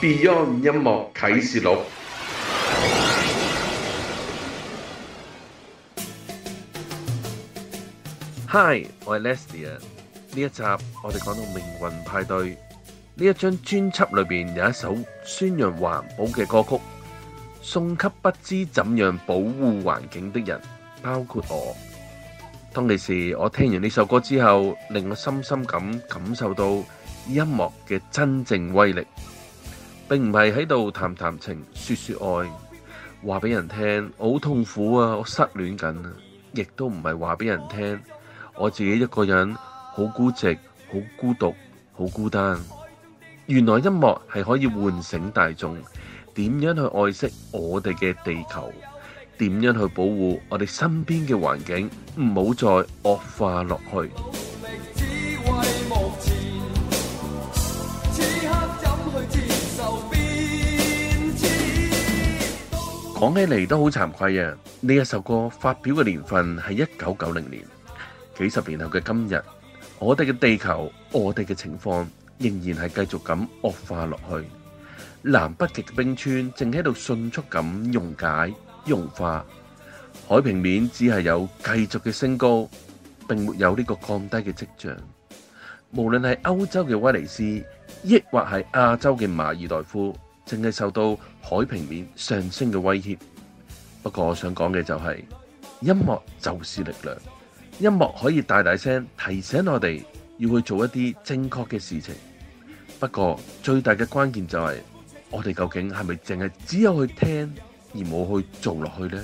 Beyond 音樂啟事錄。Hi，我係 Leslie 啊。呢一集我哋講到《命運派對》呢一張專輯裏邊有一首宣揚環保嘅歌曲，送給不知怎樣保護環境的人，包括我。當其時，我聽完呢首歌之後，令我深深咁感受到音樂嘅真正威力。並唔係喺度談談情，說說愛，話俾人聽我好痛苦啊，我失戀緊啊，亦都唔係話俾人聽我自己一個人好孤寂、好孤獨、好孤單。原來音樂係可以喚醒大眾，點樣去愛惜我哋嘅地球，點樣去保護我哋身邊嘅環境，唔好再惡化落去。講起嚟都好慚愧啊！呢一首歌發表嘅年份係一九九零年，幾十年後嘅今日，我哋嘅地球，我哋嘅情況仍然係繼續咁惡化落去。南北極嘅冰川正喺度迅速咁溶解融化，海平面只係有繼續嘅升高，並沒有呢個降低嘅跡象。無論係歐洲嘅威尼斯，抑或係亞洲嘅馬爾代夫。淨係受到海平面上升嘅威脅。不過我想講嘅就係音樂就是力量，音樂可以大大聲提醒我哋要去做一啲正確嘅事情。不過最大嘅關鍵就係我哋究竟係咪淨係只有去聽而冇去做落去呢？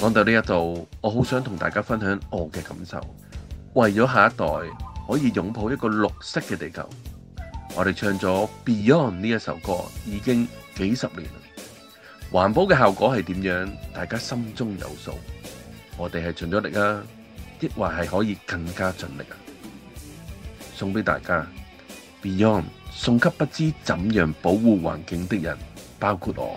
講到呢一度，我好想同大家分享我嘅感受，為咗下一代可以擁抱一個綠色嘅地球，我哋唱咗 Beyond 呢一首歌已經幾十年啦。環保嘅效果係點樣？大家心中有數。我哋係盡咗力啊，抑或係可以更加盡力啊？送俾大家 Beyond，送給不知怎去保護環境的人，包括我。